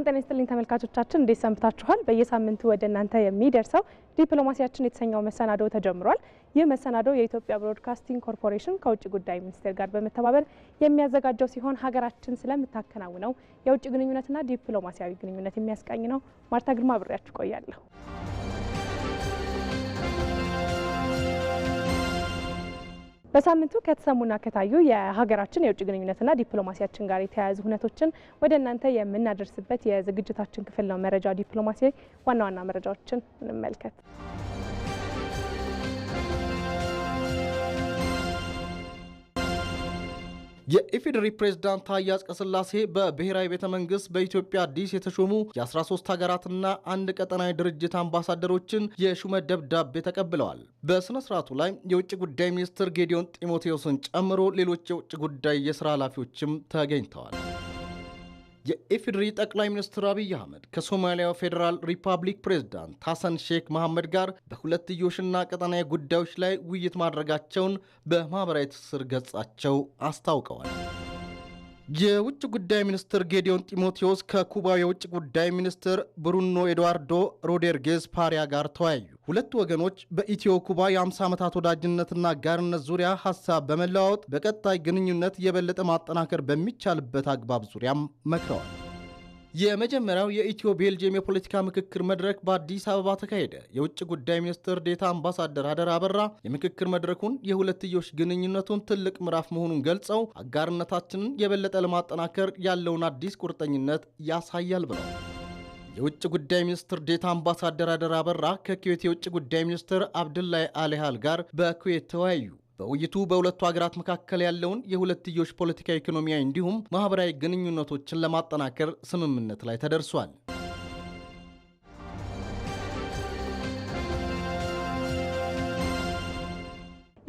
ሰላም ጤና ይስጥልኝ ተመልካቾቻችን፣ እንዴት ሰንብታችኋል? በየሳምንቱ ወደ እናንተ የሚደርሰው ዲፕሎማሲያችን የተሰኘው መሰናዶ ተጀምሯል። ይህ መሰናዶ የኢትዮጵያ ብሮድካስቲንግ ኮርፖሬሽን ከውጭ ጉዳይ ሚኒስቴር ጋር በመተባበር የሚያዘጋጀው ሲሆን ሀገራችን ስለምታከናውነው የውጭ ግንኙነትና ዲፕሎማሲያዊ ግንኙነት የሚያስቃኝ ነው። ማርታ ግርማ ብሬያችሁ ቆያለሁ። በሳምንቱ ከተሰሙና ከታዩ የሀገራችን የውጭ ግንኙነትና ዲፕሎማሲያችን ጋር የተያያዙ ሁነቶችን ወደ እናንተ የምናደርስበት የዝግጅታችን ክፍል ነው። መረጃ ዲፕሎማሲ ዋና ዋና መረጃዎችን እንመልከት። የኢፌዴሪ ፕሬዝዳንት ታዬ አጽቀሥላሴ በብሔራዊ ቤተ መንግስት በኢትዮጵያ አዲስ የተሾሙ የ13 ሀገራትና አንድ ቀጠናዊ ድርጅት አምባሳደሮችን የሹመት ደብዳቤ ተቀብለዋል። በሥነ ሥርዓቱ ላይ የውጭ ጉዳይ ሚኒስትር ጌዲዮን ጢሞቴዎስን ጨምሮ ሌሎች የውጭ ጉዳይ የሥራ ኃላፊዎችም ተገኝተዋል። የኢፌዴሪ ጠቅላይ ሚኒስትር አብይ አህመድ ከሶማሊያው ፌዴራል ሪፐብሊክ ፕሬዝዳንት ሐሰን ሼክ መሐመድ ጋር በሁለትዮሽና ቀጠናዊ ጉዳዮች ላይ ውይይት ማድረጋቸውን በማኅበራዊ ትስስር ገጻቸው አስታውቀዋል። የውጭ ጉዳይ ሚኒስትር ጌዲዮን ጢሞቴዎስ ከኩባው የውጭ ጉዳይ ሚኒስትር ብሩኖ ኤድዋርዶ ሮዴርጌዝ ፓሪያ ጋር ተወያዩ። ሁለቱ ወገኖች በኢትዮ ኩባ የ50 ዓመታት ወዳጅነትና አጋርነት ዙሪያ ሀሳብ በመለዋወጥ በቀጣይ ግንኙነት የበለጠ ማጠናከር በሚቻልበት አግባብ ዙሪያም መክረዋል። የመጀመሪያው የኢትዮ ቤልጅየም የፖለቲካ ምክክር መድረክ በአዲስ አበባ ተካሄደ። የውጭ ጉዳይ ሚኒስትር ዴታ አምባሳደር አደራ አበራ የምክክር መድረኩን የሁለትዮሽ ግንኙነቱን ትልቅ ምዕራፍ መሆኑን ገልጸው አጋርነታችንን የበለጠ ለማጠናከር ያለውን አዲስ ቁርጠኝነት ያሳያል ብለዋል። የውጭ ጉዳይ ሚኒስትር ዴታ አምባሳደር አደራ አበራ ከኩዌት የውጭ ጉዳይ ሚኒስትር አብድላይ አሊሃል ጋር በኩዌት ተወያዩ። በውይይቱ በሁለቱ ሀገራት መካከል ያለውን የሁለትዮሽ ፖለቲካ ኢኮኖሚያዊ እንዲሁም ማህበራዊ ግንኙነቶችን ለማጠናከር ስምምነት ላይ ተደርሷል።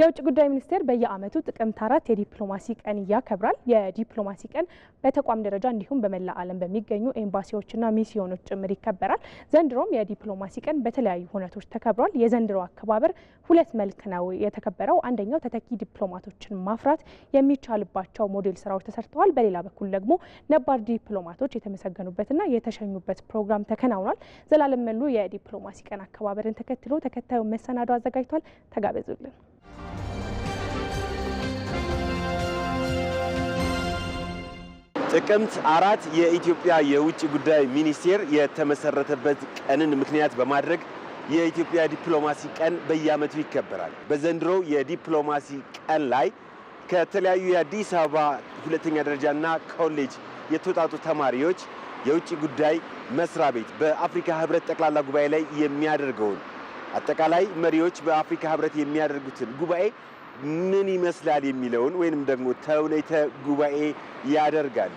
የውጭ ጉዳይ ሚኒስቴር በየአመቱ ጥቅምት አራት የዲፕሎማሲ ቀን ያከብራል። የዲፕሎማሲ ቀን በተቋም ደረጃ እንዲሁም በመላ ዓለም በሚገኙ ኤምባሲዎችና ሚስዮኖች ጭምር ይከበራል። ዘንድሮም የዲፕሎማሲ ቀን በተለያዩ ሁነቶች ተከብሯል። የዘንድሮ አከባበር ሁለት መልክ ነው የተከበረው። አንደኛው ተተኪ ዲፕሎማቶችን ማፍራት የሚቻልባቸው ሞዴል ስራዎች ተሰርተዋል። በሌላ በኩል ደግሞ ነባር ዲፕሎማቶች የተመሰገኑበትና የተሸኙበት ፕሮግራም ተከናውኗል። ዘላለም መሉ የዲፕሎማሲ ቀን አከባበርን ተከትሎ ተከታዩ መሰናዶ አዘጋጅቷል። ተጋበዙልን። ጥቅምት አራት የኢትዮጵያ የውጭ ጉዳይ ሚኒስቴር የተመሰረተበት ቀንን ምክንያት በማድረግ የኢትዮጵያ ዲፕሎማሲ ቀን በየዓመቱ ይከበራል። በዘንድሮ የዲፕሎማሲ ቀን ላይ ከተለያዩ የአዲስ አበባ ሁለተኛ ደረጃና ኮሌጅ የተውጣጡ ተማሪዎች የውጭ ጉዳይ መስሪያ ቤት በአፍሪካ ሕብረት ጠቅላላ ጉባኤ ላይ የሚያደርገውን አጠቃላይ መሪዎች በአፍሪካ ህብረት የሚያደርጉትን ጉባኤ ምን ይመስላል የሚለውን ወይንም ደግሞ ተውኔተ ጉባኤ ያደርጋሉ።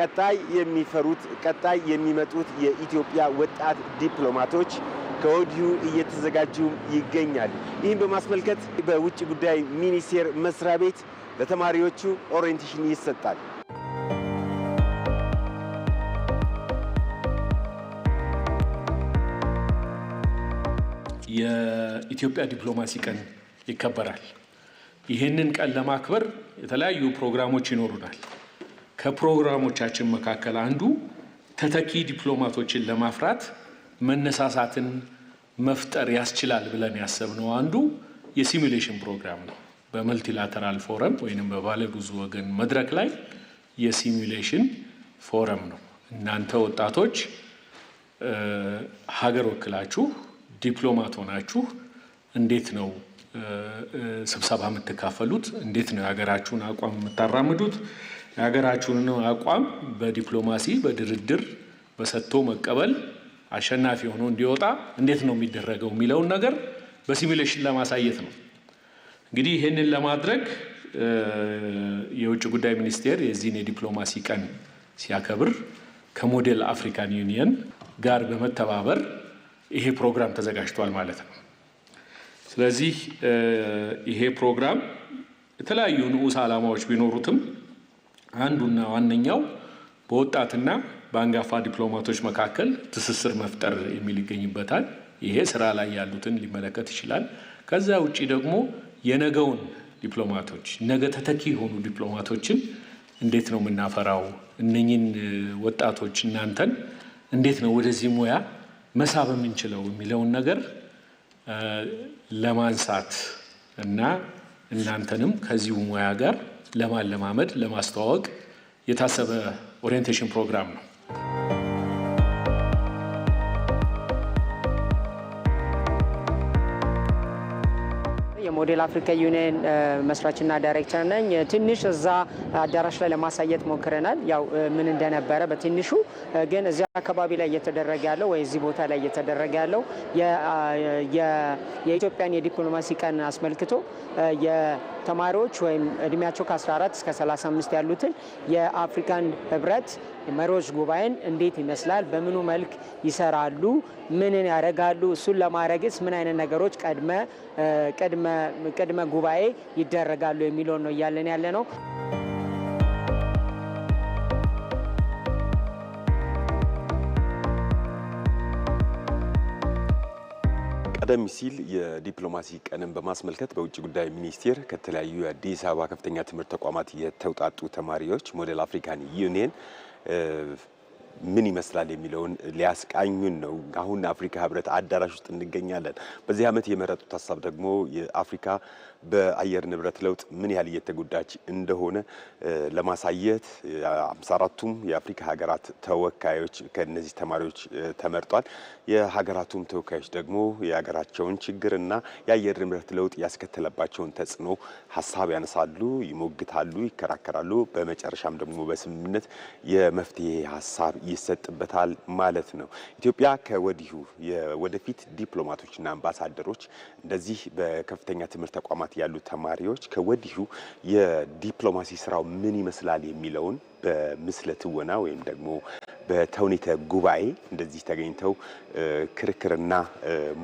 ቀጣይ የሚፈሩት ቀጣይ የሚመጡት የኢትዮጵያ ወጣት ዲፕሎማቶች ከወዲሁ እየተዘጋጁ ይገኛሉ። ይህን በማስመልከት በውጭ ጉዳይ ሚኒስቴር መስሪያ ቤት ለተማሪዎቹ ኦሪንቴሽን ይሰጣል። የኢትዮጵያ ዲፕሎማሲ ቀን ይከበራል። ይህንን ቀን ለማክበር የተለያዩ ፕሮግራሞች ይኖሩናል። ከፕሮግራሞቻችን መካከል አንዱ ተተኪ ዲፕሎማቶችን ለማፍራት መነሳሳትን መፍጠር ያስችላል ብለን ያሰብነው አንዱ የሲሚሌሽን ፕሮግራም ነው። በመልቲላተራል ፎረም ወይም በባለ ብዙ ወገን መድረክ ላይ የሲሚሌሽን ፎረም ነው። እናንተ ወጣቶች ሀገር ወክላችሁ ዲፕሎማት ሆናችሁ እንዴት ነው ስብሰባ የምትካፈሉት? እንዴት ነው የሀገራችሁን አቋም የምታራምዱት? የሀገራችሁን አቋም በዲፕሎማሲ በድርድር በሰጥቶ መቀበል አሸናፊ ሆኖ እንዲወጣ እንዴት ነው የሚደረገው የሚለውን ነገር በሲሚሌሽን ለማሳየት ነው። እንግዲህ ይህንን ለማድረግ የውጭ ጉዳይ ሚኒስቴር የዚህን የዲፕሎማሲ ቀን ሲያከብር ከሞዴል አፍሪካን ዩኒየን ጋር በመተባበር ይሄ ፕሮግራም ተዘጋጅቷል ማለት ነው። ስለዚህ ይሄ ፕሮግራም የተለያዩ ንዑስ ዓላማዎች ቢኖሩትም አንዱና ዋነኛው በወጣትና በአንጋፋ ዲፕሎማቶች መካከል ትስስር መፍጠር የሚል ይገኝበታል። ይሄ ስራ ላይ ያሉትን ሊመለከት ይችላል። ከዛ ውጭ ደግሞ የነገውን ዲፕሎማቶች ነገ ተተኪ የሆኑ ዲፕሎማቶችን እንዴት ነው የምናፈራው? እነኝን ወጣቶች እናንተን እንዴት ነው ወደዚህ ሙያ መሳብ የምንችለው የሚለውን ነገር ለማንሳት እና እናንተንም ከዚሁ ሙያ ጋር ለማለማመድ ለማስተዋወቅ የታሰበ ኦሪየንቴሽን ፕሮግራም ነው። ሞዴል አፍሪካ ዩኒየን መስራችና ዳይሬክተር ነኝ። ትንሽ እዛ አዳራሽ ላይ ለማሳየት ሞክረናል፣ ያው ምን እንደነበረ በትንሹ ግን አካባቢ ላይ እየተደረገ ያለው ወይ እዚህ ቦታ ላይ እየተደረገ ያለው የኢትዮጵያን የዲፕሎማሲ ቀን አስመልክቶ የተማሪዎች ወይም እድሜያቸው ከ14 እስከ 35 ያሉትን የአፍሪካን ህብረት መሪዎች ጉባኤን እንዴት ይመስላል፣ በምኑ መልክ ይሰራሉ፣ ምንን ያደርጋሉ፣ እሱን ለማድረግስ ምን አይነት ነገሮች ቅድመ ጉባኤ ይደረጋሉ የሚለውን ነው እያለን ያለ ነው። ቀደም ሲል የዲፕሎማሲ ቀንን በማስመልከት በውጭ ጉዳይ ሚኒስቴር ከተለያዩ የአዲስ አበባ ከፍተኛ ትምህርት ተቋማት የተውጣጡ ተማሪዎች ሞዴል አፍሪካን ዩኒየን ምን ይመስላል የሚለውን ሊያስቃኙን ነው። አሁን አፍሪካ ህብረት አዳራሽ ውስጥ እንገኛለን። በዚህ ዓመት የመረጡት ሀሳብ ደግሞ የአፍሪካ በአየር ንብረት ለውጥ ምን ያህል እየተጎዳች እንደሆነ ለማሳየት 54ቱም የአፍሪካ ሀገራት ተወካዮች ከነዚህ ተማሪዎች ተመርጧል። የሀገራቱም ተወካዮች ደግሞ የሀገራቸውን ችግር እና የአየር ንብረት ለውጥ ያስከተለባቸውን ተጽዕኖ ሀሳብ ያነሳሉ፣ ይሞግታሉ፣ ይከራከራሉ። በመጨረሻም ደግሞ በስምምነት የመፍትሄ ሀሳብ ይሰጥበታል ማለት ነው። ኢትዮጵያ ከወዲሁ የወደፊት ዲፕሎማቶችና አምባሳደሮች እንደዚህ በከፍተኛ ትምህርት ተቋማት በመግባት ያሉ ተማሪዎች ከወዲሁ የዲፕሎማሲ ስራው ምን ይመስላል የሚለውን በምስለ ትወና ወይም ደግሞ በተውኔተ ጉባኤ እንደዚህ ተገኝተው ክርክርና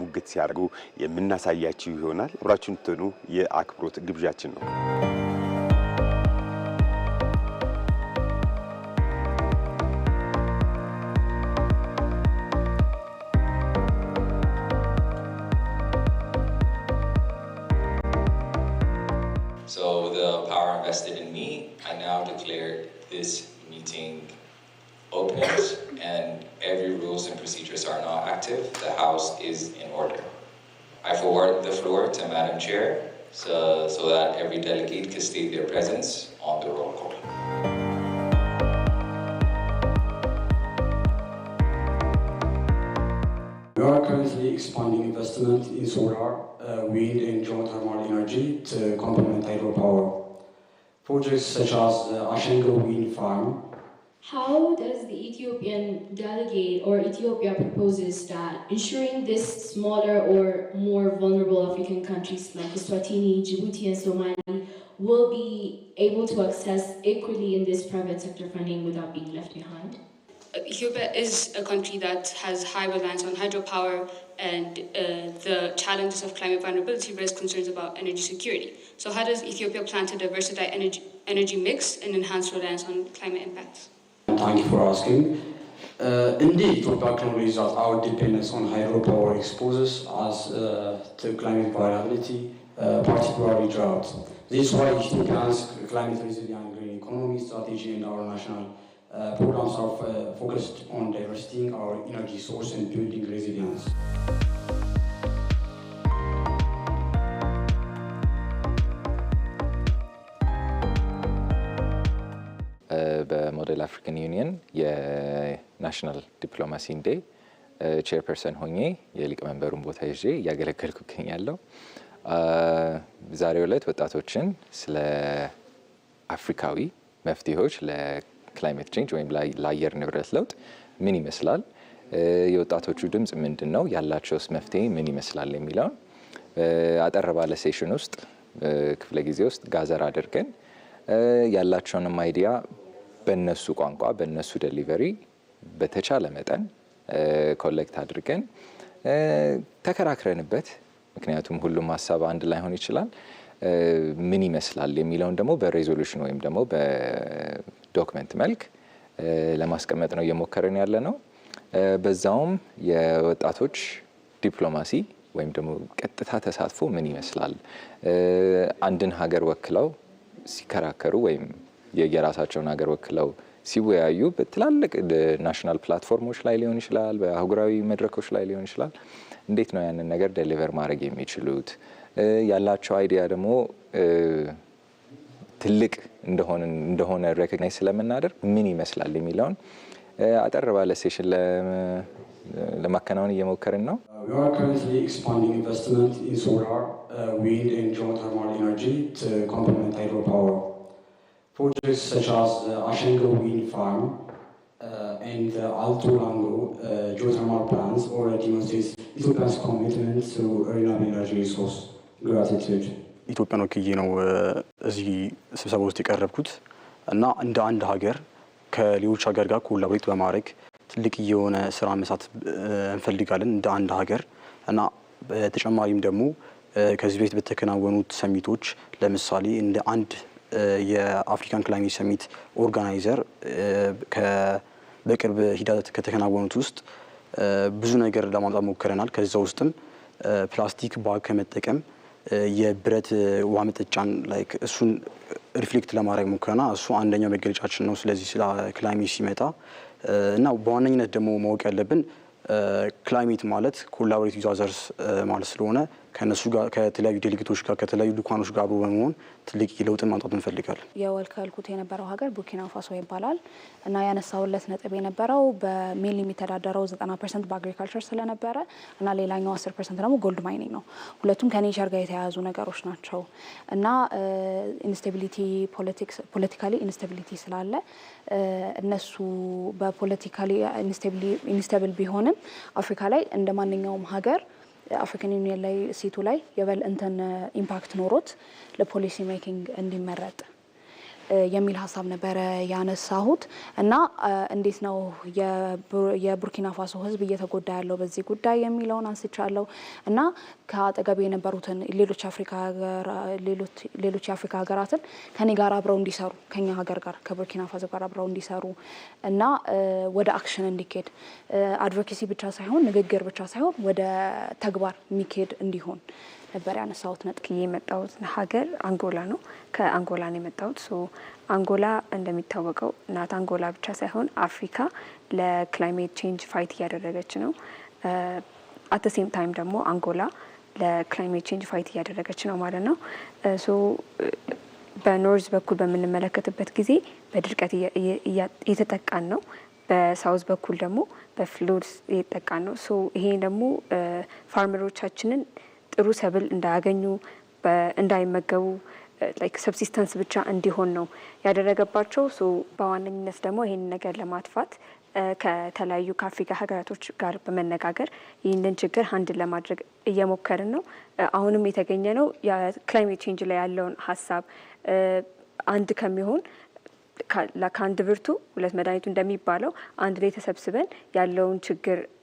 ሙግት ሲያደርጉ የምናሳያችሁ ይሆናል። አብራችሁን ትኑ የአክብሮት ግብዣችን ነው። Every rules and procedures are now active. The House is in order. I forward the floor to Madam Chair so, so that every delegate can state their presence on the roll call. We are currently expanding investment in solar, uh, wind and geothermal energy to complement hydropower. Projects such as the Ashango Wind Farm how does the Ethiopian delegate or Ethiopia proposes that ensuring this smaller or more vulnerable African countries like Eswatini, Djibouti and Somali will be able to access equally in this private sector funding without being left behind? Ethiopia is a country that has high reliance on hydropower and uh, the challenges of climate vulnerability raise concerns about energy security. So how does Ethiopia plan to diversify energy, energy mix and enhance reliance on climate impacts? and thank you for asking. Uh, indeed, Toba acknowledges that our dependence on hydropower exposes us uh, to climate variability, uh, particularly drought. This is why Ishtikan's climate resilient and green economy strategy and our national uh, programs are uh, focused on diversifying our energy source and building resilience. በሞዴል አፍሪካን ዩኒየን የናሽናል ዲፕሎማሲ እንዴ ቼርፐርሰን ሆኜ የሊቀመንበሩን ቦታ ይዤ እያገለገልኩ ይገኛለሁ። ዛሬው ዕለት ወጣቶችን ስለ አፍሪካዊ መፍትሄዎች ለክላይሜት ቼንጅ ወይም ለአየር ንብረት ለውጥ ምን ይመስላል፣ የወጣቶቹ ድምፅ ምንድን ነው፣ ያላቸውስ መፍትሄ ምን ይመስላል የሚለውን አጠር ባለ ሴሽን ውስጥ ክፍለ ጊዜ ውስጥ ጋዘር አድርገን ያላቸውንም አይዲያ በነሱ ቋንቋ በነሱ ደሊቨሪ በተቻለ መጠን ኮሌክት አድርገን ተከራክረንበት፣ ምክንያቱም ሁሉም ሀሳብ አንድ ላይሆን ይችላል። ምን ይመስላል የሚለውን ደግሞ በሬዞሉሽን ወይም ደግሞ በዶክመንት መልክ ለማስቀመጥ ነው እየሞከርን ያለ ነው። በዛውም የወጣቶች ዲፕሎማሲ ወይም ደግሞ ቀጥታ ተሳትፎ ምን ይመስላል አንድን ሀገር ወክለው ሲከራከሩ ወይም የየራሳቸውን ሀገር ወክለው ሲወያዩ በትላልቅ ናሽናል ፕላትፎርሞች ላይ ሊሆን ይችላል፣ በአህጉራዊ መድረኮች ላይ ሊሆን ይችላል። እንዴት ነው ያንን ነገር ደሊቨር ማድረግ የሚችሉት? ያላቸው አይዲያ ደግሞ ትልቅ እንደሆነ ሬኮግናይዝ ስለምናደርግ ምን ይመስላል የሚለውን አጠር ባለ ሴሽን ለማከናወን እየሞከርን ነው። ኢንቨስትመንት ኢን ሶላር ዊንድ ኤንድ ጂኦተርማል ቱ ኮምፕሊመንት ሃይድሮ ፓወር Projects such as the Ashengo Wind Farm uh, and the Alto Lango uh, geothermal plants already demonstrates Ethiopia's commitment to renewable energy resource. Gratitude. ኢትዮጵያን ወክዬ ነው እዚህ ስብሰባ ውስጥ የቀረብኩት እና እንደ አንድ ሀገር ከሌሎች ሀገር ጋር ኮላቦሬት በማድረግ ትልቅ የሆነ ስራ መስራት እንፈልጋለን እንደ አንድ ሀገር እና በተጨማሪም ደግሞ ከዚህ በፊት በተከናወኑት ሰሚቶች ለምሳሌ እንደ አንድ የአፍሪካን ክላይሜት ሰሚት ኦርጋናይዘር በቅርብ ሂደት ከተከናወኑት ውስጥ ብዙ ነገር ለማምጣት ሞክረናል። ከዛ ውስጥም ፕላስቲክ ባግ ከመጠቀም የብረት ውሃ መጠጫን ላይክ እሱን ሪፍሌክት ለማድረግ ሞክረና እሱ አንደኛው መገለጫችን ነው። ስለዚህ ስለ ክላይሜት ሲመጣ እና በዋነኝነት ደግሞ ማወቅ ያለብን ክላይሜት ማለት ኮላቦሬቲቭ ዩዛዘርስ ማለት ስለሆነ ከነሱ ጋር ከተለያዩ ዴሌጌቶች ጋር ከተለያዩ ድኳኖች ጋር አብሮ በመሆን ትልቅ ለውጥን ማምጣት እንፈልጋለን። የወልከልኩት የነበረው ሀገር ቡርኪና ፋሶ ይባላል እና ያነሳውለት ነጥብ የነበረው በሜል የሚተዳደረው 90 ፐርሰንት በአግሪካልቸር ስለነበረ እና ሌላኛው 10 ፐርሰንት ደግሞ ጎልድ ማይኒንግ ነው። ሁለቱም ከኔቸር ጋር የተያያዙ ነገሮች ናቸው እና ኢንስቴቢሊቲ ፖለቲካሊ ኢንስቴቢሊቲ ስላለ እነሱ በፖለቲካሊ ኢንስቴብል ቢሆንም አፍሪካ ላይ እንደ ማንኛውም ሀገር አፍሪካን ዩኒየን ላይ ሲቱ ላይ የበል እንትን ኢምፓክት ኖሮት ለፖሊሲ ሜኪንግ እንዲመረጥ የሚል ሀሳብ ነበረ ያነሳሁት እና እንዴት ነው የቡርኪና ፋሶ ህዝብ እየተጎዳ ያለው በዚህ ጉዳይ የሚለውን አንስቻለሁ እና ከአጠገብ የነበሩትን ሌሎች የአፍሪካ ሀገራትን ከኔ ጋር አብረው እንዲሰሩ ከኛ ሀገር ጋር ከቡርኪና ፋሶ ጋር አብረው እንዲሰሩ እና ወደ አክሽን እንዲኬድ አድቮኬሲ ብቻ ሳይሆን ንግግር ብቻ ሳይሆን ወደ ተግባር የሚኬድ እንዲሆን ነበር ያነሳሁት ነጥዬ የመጣሁት ሀገር አንጎላ ነው። ከአንጎላ ነው የመጣሁት። አንጎላ እንደሚታወቀው ናት አንጎላ ብቻ ሳይሆን አፍሪካ ለክላይሜት ቼንጅ ፋይት እያደረገች ነው። አት ሴም ታይም ደግሞ አንጎላ ለክላይሜት ቼንጅ ፋይት እያደረገች ነው ማለት ነው። ሶ በኖርዝ በኩል በምንመለከትበት ጊዜ በድርቀት የተጠቃን ነው። በሳውዝ በኩል ደግሞ በፍሉድ የተጠቃን ነው። ሶ ይሄ ደግሞ ፋርመሮቻችንን ጥሩ ሰብል እንዳያገኙ እንዳይመገቡ ላይክ ሰብሲስተንስ ብቻ እንዲሆን ነው ያደረገባቸው። ሶ በዋነኝነት ደግሞ ይህን ነገር ለማጥፋት ከተለያዩ ከአፍሪካ ሀገራቶች ጋር በመነጋገር ይህንን ችግር አንድን ለማድረግ እየሞከርን ነው። አሁንም የተገኘ ነው የክላይሜት ቼንጅ ላይ ያለውን ሀሳብ አንድ ከሚሆን ከአንድ ብርቱ ሁለት መድኃኒቱ እንደሚባለው አንድ ላይ ተሰብስበን ያለውን ችግር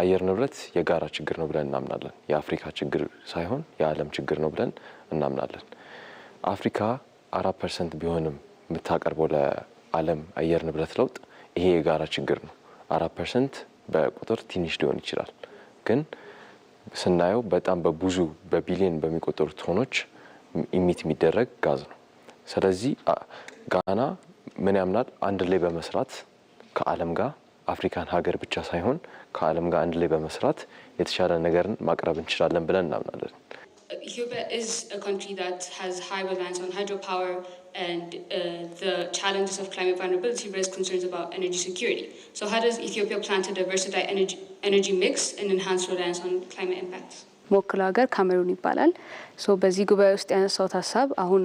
አየር ንብረት የጋራ ችግር ነው ብለን እናምናለን። የአፍሪካ ችግር ሳይሆን የዓለም ችግር ነው ብለን እናምናለን። አፍሪካ አራት ፐርሰንት ቢሆንም የምታቀርበው ለዓለም አየር ንብረት ለውጥ ይሄ የጋራ ችግር ነው። አራት ፐርሰንት በቁጥር ትንሽ ሊሆን ይችላል፣ ግን ስናየው በጣም በብዙ በቢሊዮን በሚቆጠሩ ቶኖች ኢሚት የሚደረግ ጋዝ ነው። ስለዚህ ጋና ምን ያምናል? አንድ ላይ በመስራት ከዓለም ጋር አፍሪካን ሀገር ብቻ ሳይሆን ከዓለም ጋር አንድ ላይ በመስራት የተሻለ ነገርን ማቅረብ እንችላለን ብለን እናምናለን። ኢትዮጵያ ሞክለው ሀገር ካሜሩን ይባላል። በዚህ ጉባኤ ውስጥ ያነሳውት ሀሳብ አሁን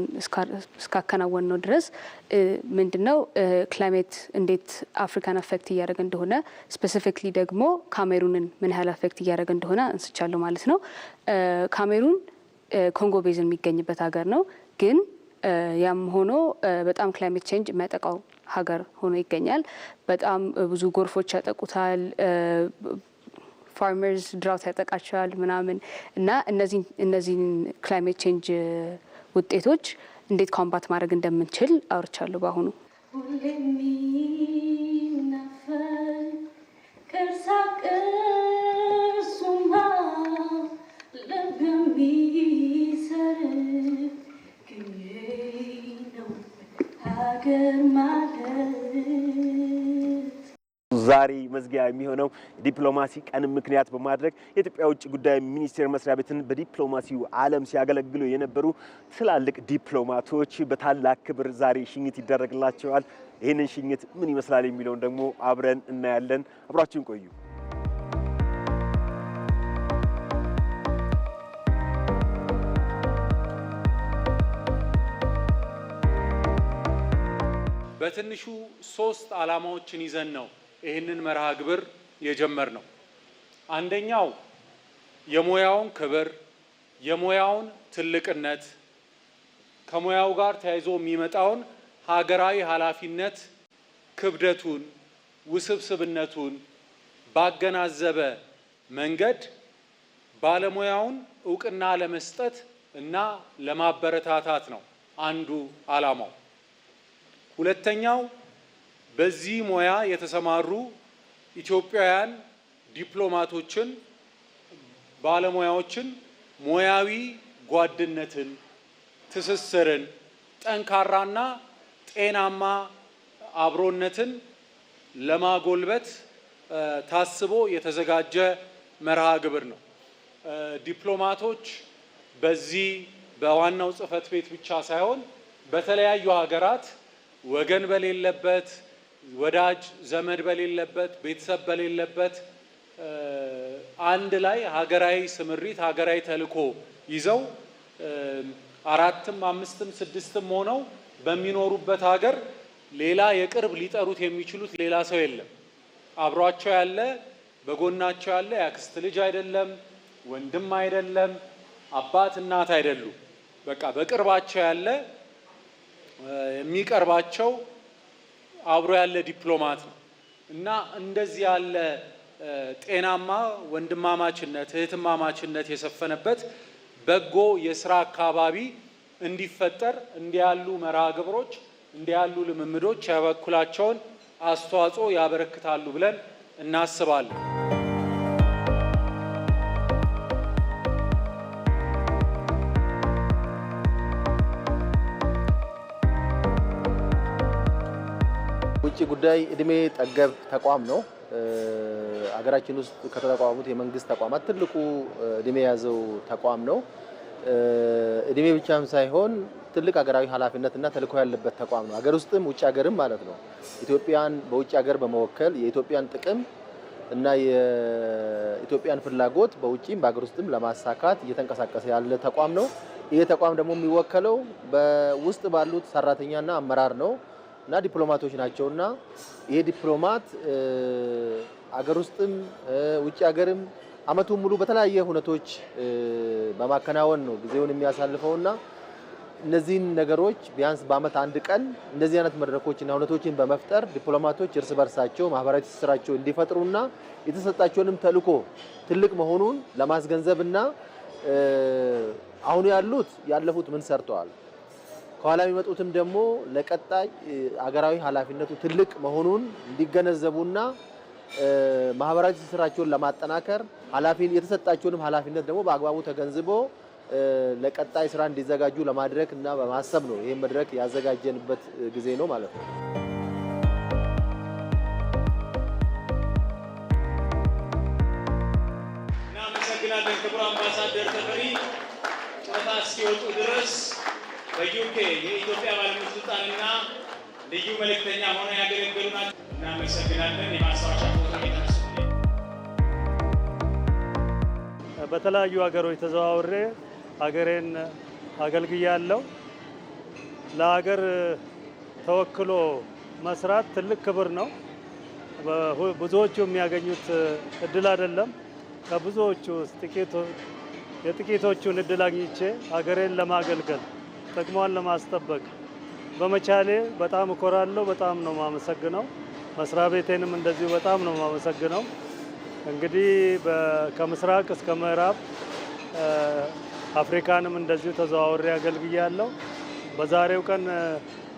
እስካከናወን ነው ድረስ ምንድነው ክላይሜት እንዴት አፍሪካን አፌክት እያደረገ እንደሆነ ስፔሲፊክሊ ደግሞ ካሜሩንን ምን ያህል አፌክት እያደረገ እንደሆነ አንስቻለሁ ማለት ነው። ካሜሩን ኮንጎ ቤዝን የሚገኝበት ሀገር ነው ግን ያም ሆኖ በጣም ክላይሜት ቼንጅ የሚያጠቃው ሀገር ሆኖ ይገኛል። በጣም ብዙ ጎርፎች ያጠቁታል። ፋርመርስ ድራውት ያጠቃቸዋል ምናምን እና እነዚህን ክላይሜት ቼንጅ uh, ውጤቶች እንዴት ኮምባት ማድረግ እንደምንችል አውርቻለሁ። በአሁኑ ሁሌ ዛሬ መዝጊያ የሚሆነው ዲፕሎማሲ ቀን ምክንያት በማድረግ የኢትዮጵያ ውጭ ጉዳይ ሚኒስቴር መስሪያ ቤትን በዲፕሎማሲው ዓለም ሲያገለግሉ የነበሩ ትላልቅ ዲፕሎማቶች በታላቅ ክብር ዛሬ ሽኝት ይደረግላቸዋል። ይህንን ሽኝት ምን ይመስላል የሚለውን ደግሞ አብረን እናያለን። አብራችን ቆዩ። በትንሹ ሶስት ዓላማዎችን ይዘን ነው ይህንን መርሃ ግብር የጀመር ነው። አንደኛው የሙያውን ክብር፣ የሙያውን ትልቅነት፣ ከሙያው ጋር ተያይዞ የሚመጣውን ሀገራዊ ኃላፊነት ክብደቱን፣ ውስብስብነቱን ባገናዘበ መንገድ ባለሙያውን እውቅና ለመስጠት እና ለማበረታታት ነው አንዱ ዓላማው። ሁለተኛው በዚህ ሙያ የተሰማሩ ኢትዮጵያውያን ዲፕሎማቶችን፣ ባለሙያዎችን ሙያዊ ጓድነትን፣ ትስስርን፣ ጠንካራና ጤናማ አብሮነትን ለማጎልበት ታስቦ የተዘጋጀ መርሃ ግብር ነው። ዲፕሎማቶች በዚህ በዋናው ጽህፈት ቤት ብቻ ሳይሆን በተለያዩ ሀገራት ወገን በሌለበት ወዳጅ ዘመድ በሌለበት ቤተሰብ በሌለበት አንድ ላይ ሀገራዊ ስምሪት ሀገራዊ ተልዕኮ ይዘው አራትም አምስትም ስድስትም ሆነው በሚኖሩበት ሀገር ሌላ የቅርብ ሊጠሩት የሚችሉት ሌላ ሰው የለም። አብሯቸው ያለ በጎናቸው ያለ የአክስት ልጅ አይደለም፣ ወንድም አይደለም፣ አባት እናት አይደሉም። በቃ በቅርባቸው ያለ የሚቀርባቸው አብሮ ያለ ዲፕሎማት ነው እና እንደዚህ ያለ ጤናማ ወንድማማችነት፣ እህትማማችነት የሰፈነበት በጎ የስራ አካባቢ እንዲፈጠር እንዲያሉ መርሃ ግብሮች እንዲያሉ ልምምዶች የበኩላቸውን አስተዋጽኦ ያበረክታሉ ብለን እናስባለን። የውጭ ጉዳይ እድሜ ጠገብ ተቋም ነው። አገራችን ውስጥ ከተቋሙት የመንግስት ተቋማት ትልቁ እድሜ የያዘው ተቋም ነው። እድሜ ብቻም ሳይሆን ትልቅ ሀገራዊ ኃላፊነትና ተልዕኮ ያለበት ተቋም ነው። ሀገር ውስጥም ውጭ ሀገርም ማለት ነው። ኢትዮጵያን በውጭ ሀገር በመወከል የኢትዮጵያን ጥቅም እና የኢትዮጵያን ፍላጎት በውጭም በሀገር ውስጥም ለማሳካት እየተንቀሳቀሰ ያለ ተቋም ነው። ይሄ ተቋም ደግሞ የሚወከለው በውስጥ ባሉት ሰራተኛና አመራር ነው። እና ዲፕሎማቶች ናቸው እና ይሄ ዲፕሎማት አገር ውስጥም ውጭ ሀገርም አመቱን ሙሉ በተለያየ ሁነቶች በማከናወን ነው ጊዜውን የሚያሳልፈው እና እነዚህን ነገሮች ቢያንስ በአመት አንድ ቀን እነዚህ አይነት መድረኮችና ሁነቶችን በመፍጠር ዲፕሎማቶች እርስ በርሳቸው ማህበራዊ ትስስራቸው እንዲፈጥሩና የተሰጣቸውንም ተልዕኮ ትልቅ መሆኑን ለማስገንዘብና አሁኑ ያሉት ያለፉት ምን ሰርተዋል ከኋላ የሚመጡትም ደግሞ ለቀጣይ አገራዊ ኃላፊነቱ ትልቅ መሆኑን እንዲገነዘቡና ማህበራዊ ትስስራቸውን ለማጠናከር የተሰጣቸውንም ኃላፊነት ደግሞ በአግባቡ ተገንዝቦ ለቀጣይ ስራ እንዲዘጋጁ ለማድረግ እና በማሰብ ነው ይህ መድረክ ያዘጋጀንበት ጊዜ ነው ማለት ነው። እናመሰግናለን ክቡር አምባሳደር ተፈሪ ጨዋታ እስኪወጡ ድረስ በዩኬ የኢትዮጵያ ባለስልጣንና ልዩ መልእክተኛ ሆነው ያገለገሉ ናቸው። እናመሰግናለን። የማስታወሻ በተለያዩ ሀገሮች ተዘዋውሬ ሀገሬን አገልግያለሁ። ለሀገር ተወክሎ መስራት ትልቅ ክብር ነው። ብዙዎቹ የሚያገኙት እድል አይደለም። ከብዙዎቹ ውስጥ የጥቂቶቹን እድል አግኝቼ ሀገሬን ለማገልገል ጥቅሟን ለማስጠበቅ በመቻሌ በጣም እኮራለሁ። በጣም ነው ማመሰግነው። መስሪያ ቤቴንም እንደዚሁ በጣም ነው ማመሰግነው። እንግዲህ ከምስራቅ እስከ ምዕራብ አፍሪካንም እንደዚሁ ተዘዋውሬ አገልግያለሁ። በዛሬው ቀን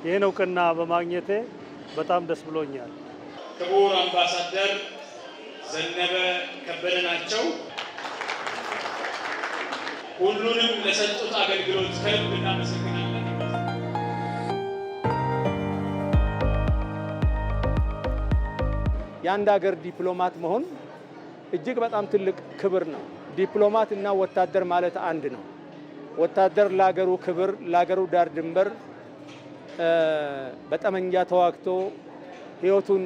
ይህን እውቅና በማግኘቴ በጣም ደስ ብሎኛል። ክቡር አምባሳደር ዘነበ ከበደ ናቸው። ሁሉንም ለሰጡት አገልግሎት ከልብ እናመሰግናለን። የአንድ ሀገር ዲፕሎማት መሆን እጅግ በጣም ትልቅ ክብር ነው። ዲፕሎማት እና ወታደር ማለት አንድ ነው። ወታደር ለሀገሩ ክብር፣ ለሀገሩ ዳር ድንበር በጠመንጃ ተዋግቶ ህይወቱን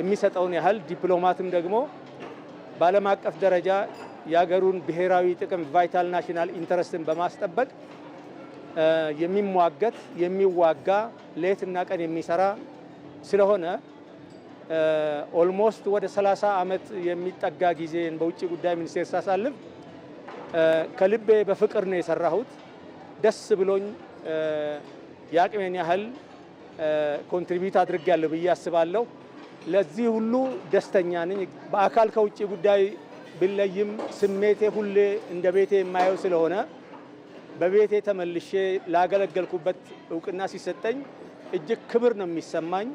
የሚሰጠውን ያህል ዲፕሎማትም ደግሞ በዓለም አቀፍ ደረጃ የሀገሩን ብሔራዊ ጥቅም ቫይታል ናሽናል ኢንተረስትን በማስጠበቅ የሚሟገት የሚዋጋ ሌትና ቀን የሚሰራ ስለሆነ ኦልሞስት ወደ 30 ዓመት የሚጠጋ ጊዜን በውጭ ጉዳይ ሚኒስቴር ሳሳልፍ ከልቤ በፍቅር ነው የሰራሁት። ደስ ብሎኝ የአቅሜን ያህል ኮንትሪቢዩት አድርጌያለሁ ብዬ አስባለሁ። ለዚህ ሁሉ ደስተኛ ነኝ። በአካል ከውጭ ጉዳይ ብለይም ስሜቴ ሁሌ እንደ ቤቴ የማየው ስለሆነ በቤቴ ተመልሼ ላገለገልኩበት እውቅና ሲሰጠኝ እጅግ ክብር ነው የሚሰማኝ፣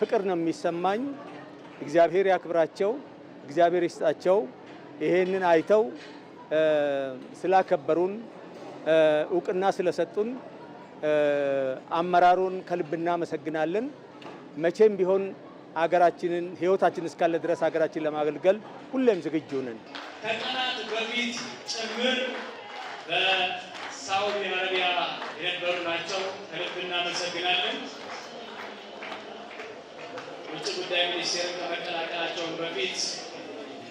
ፍቅር ነው የሚሰማኝ። እግዚአብሔር ያክብራቸው፣ እግዚአብሔር ይስጣቸው። ይሄንን አይተው ስላከበሩን፣ እውቅና ስለሰጡን አመራሩን ከልብ እናመሰግናለን። መቼም ቢሆን አገራችንን ህይወታችን እስካለ ድረስ ሀገራችን ለማገልገል ሁሌም ዝግጁ ነን። ከቀናት በፊት ጭምር በሳውዲ አረቢያ የነበሩ ናቸው። ከልብ እናመሰግናለን። ውጭ ጉዳይ ሚኒስቴርን ከመቀላቀላቸውን በፊት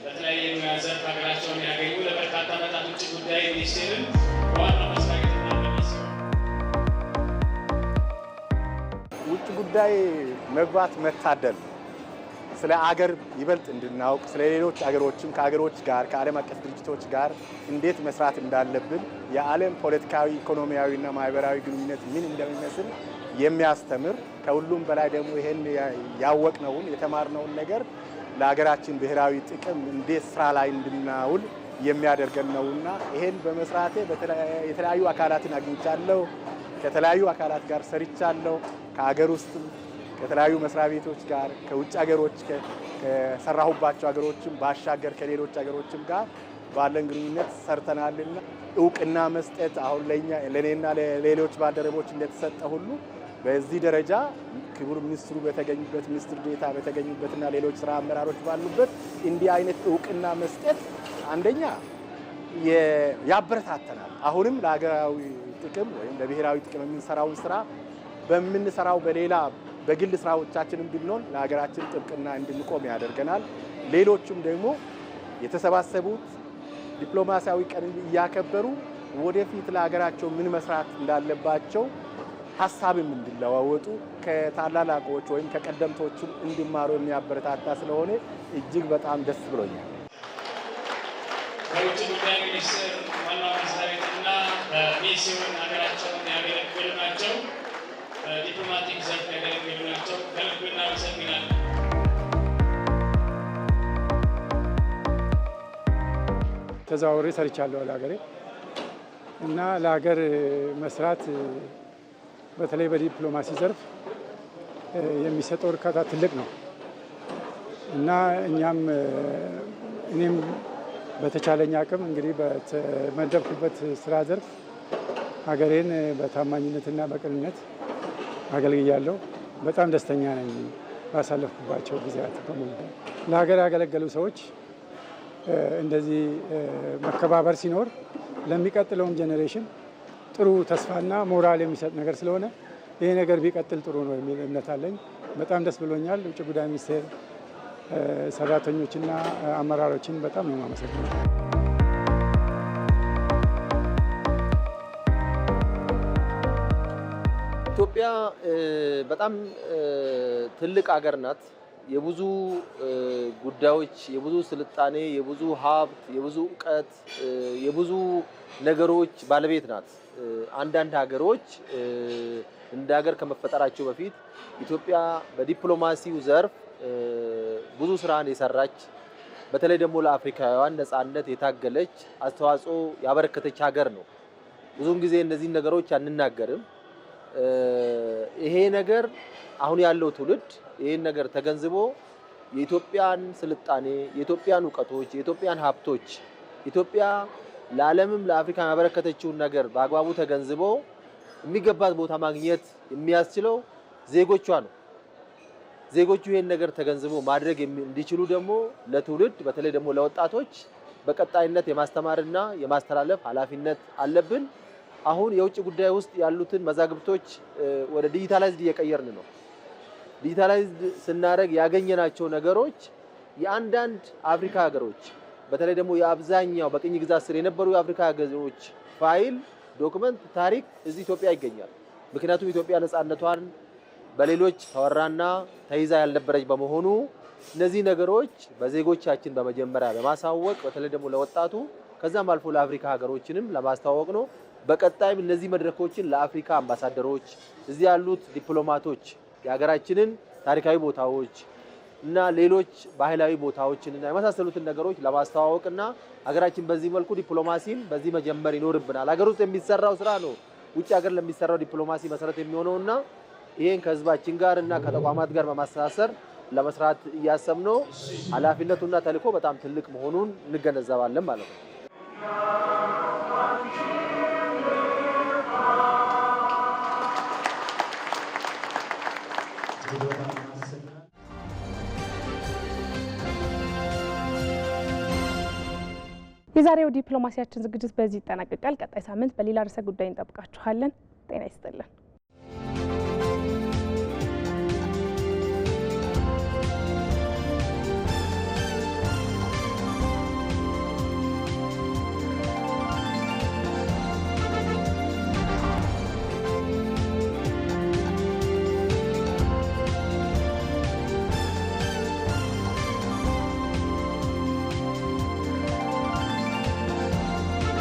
በተለያየ ሙያ ዘርፍ ሀገራቸውን ያገኙ ለበርካታ መጣት ውጭ ጉዳይ ሚኒስቴርን ዋና መስሪያ ውጭ ጉዳይ መግባት መታደል ስለ አገር ይበልጥ እንድናውቅ ስለ ሌሎች አገሮችም ከአገሮች ጋር ከዓለም አቀፍ ድርጅቶች ጋር እንዴት መስራት እንዳለብን የዓለም ፖለቲካዊ እና ማህበራዊ ግንኙነት ምን እንደሚመስል የሚያስተምር ከሁሉም በላይ ደግሞ ይህን ያወቅነውን የተማርነውን ነገር ለሀገራችን ብሔራዊ ጥቅም እንዴት ስራ ላይ እንድናውል የሚያደርገን ነውና ይህን በመስራቴ የተለያዩ አካላትን አግኝቻለሁ። ከተለያዩ አካላት ጋር ሰርቻለሁ። ከሀገር ውስጥ ከተለያዩ መስሪያ ቤቶች ጋር ከውጭ ሀገሮች ከሰራሁባቸው ሀገሮችም ባሻገር ከሌሎች ሀገሮችም ጋር ባለን ግንኙነት ሰርተናልና እውቅና መስጠት አሁን ለእኔና ለሌሎች ባልደረቦች እንደተሰጠ ሁሉ በዚህ ደረጃ ክቡር ሚኒስትሩ በተገኙበት ሚኒስትር ዴታ በተገኙበትና ሌሎች ስራ አመራሮች ባሉበት እንዲህ አይነት እውቅና መስጠት አንደኛ ያበረታተናል። አሁንም ለሀገራዊ ጥቅም ወይም ለብሔራዊ ጥቅም የምንሰራውን ስራ በምንሰራው በሌላ በግል ስራዎቻችንም ብንሆን ለሀገራችን ጥብቅና እንድንቆም ያደርገናል። ሌሎቹም ደግሞ የተሰባሰቡት ዲፕሎማሲያዊ ቀን እያከበሩ ወደፊት ለሀገራቸው ምን መስራት እንዳለባቸው ሀሳብም እንዲለዋወጡ ከታላላቆች ወይም ከቀደምቶቹም እንዲማሩ የሚያበረታታ ስለሆነ እጅግ በጣም ደስ ብሎኛል። ከውጭ ጉዳይ ዋና መስሪያ ቤትና ሀገራቸውን ያገለግሉ ናቸው። በዲፕሎማቲክ ዘርፍ ያገለገሉ ናቸው። ከልብ እናመሰግናለን። ተዘዋውሬ ሰርቻለሁ ለሀገሬ እና ለሀገር መስራት በተለይ በዲፕሎማሲ ዘርፍ የሚሰጠው እርካታ ትልቅ ነው እና እኛም እኔም በተቻለኝ አቅም እንግዲህ በተመደብኩበት ስራ ዘርፍ ሀገሬን በታማኝነትና በቅንነት አገልግያለሁ። በጣም ደስተኛ ነኝ ባሳለፍኩባቸው ጊዜያት በሙሉ። ለሀገር ያገለገሉ ሰዎች እንደዚህ መከባበር ሲኖር ለሚቀጥለውም ጄኔሬሽን ጥሩ ተስፋና ሞራል የሚሰጥ ነገር ስለሆነ ይሄ ነገር ቢቀጥል ጥሩ ነው የሚል እምነት አለኝ። በጣም ደስ ብሎኛል። ውጭ ጉዳይ ሚኒስቴር ሰራተኞችና አመራሮችን በጣም ነው የማመሰግነው። ኢትዮጵያ በጣም ትልቅ ሀገር ናት። የብዙ ጉዳዮች፣ የብዙ ስልጣኔ፣ የብዙ ሀብት፣ የብዙ እውቀት፣ የብዙ ነገሮች ባለቤት ናት። አንዳንድ ሀገሮች እንደ ሀገር ከመፈጠራቸው በፊት ኢትዮጵያ በዲፕሎማሲው ዘርፍ ብዙ ስራን የሰራች በተለይ ደግሞ ለአፍሪካውያን ነፃነት የታገለች አስተዋጽኦ ያበረከተች ሀገር ነው። ብዙውን ጊዜ እነዚህን ነገሮች አንናገርም። ይሄ ነገር አሁን ያለው ትውልድ ይህን ነገር ተገንዝቦ የኢትዮጵያን ስልጣኔ፣ የኢትዮጵያን እውቀቶች፣ የኢትዮጵያን ሀብቶች ኢትዮጵያ ለዓለምም ለአፍሪካ ያበረከተችውን ነገር በአግባቡ ተገንዝቦ የሚገባት ቦታ ማግኘት የሚያስችለው ዜጎቿ ነው። ዜጎቹ ይህን ነገር ተገንዝቦ ማድረግ እንዲችሉ ደግሞ ለትውልድ በተለይ ደግሞ ለወጣቶች በቀጣይነት የማስተማርና የማስተላለፍ ኃላፊነት አለብን። አሁን የውጭ ጉዳይ ውስጥ ያሉትን መዛግብቶች ወደ ዲጂታላይዝድ እየቀየርን ነው። ዲጂታላይዝድ ስናደርግ ያገኘናቸው ነገሮች የአንዳንድ አፍሪካ ሀገሮች በተለይ ደግሞ የአብዛኛው በቅኝ ግዛት ስር የነበሩ የአፍሪካ ሀገሮች ፋይል፣ ዶክመንት፣ ታሪክ እዚህ ኢትዮጵያ ይገኛል። ምክንያቱም ኢትዮጵያ ነፃነቷን በሌሎች ተወራና ተይዛ ያልነበረች በመሆኑ እነዚህ ነገሮች በዜጎቻችን በመጀመሪያ ለማሳወቅ በተለይ ደግሞ ለወጣቱ ከዛም አልፎ ለአፍሪካ ሀገሮችንም ለማስተዋወቅ ነው። በቀጣይም እነዚህ መድረኮችን ለአፍሪካ አምባሳደሮች፣ እዚህ ያሉት ዲፕሎማቶች የሀገራችንን ታሪካዊ ቦታዎች እና ሌሎች ባህላዊ ቦታዎችን እና የመሳሰሉትን ነገሮች ለማስተዋወቅና ሀገራችን በዚህ መልኩ ዲፕሎማሲን በዚህ መጀመር ይኖርብናል። ሀገር ውስጥ የሚሰራው ስራ ነው ውጭ ሀገር ለሚሰራው ዲፕሎማሲ መሰረት እና ይህን ከህዝባችን ጋር እና ከተቋማት ጋር በማስተሳሰር ለመስራት እያሰብነው ኃላፊነቱና ተልዕኮ በጣም ትልቅ መሆኑን እንገነዘባለን ማለት ነው። የዛሬው ዲፕሎማሲያችን ዝግጅት በዚህ ይጠናቀቃል። ቀጣይ ሳምንት በሌላ ርዕሰ ጉዳይ እንጠብቃችኋለን። ጤና ይስጥልን።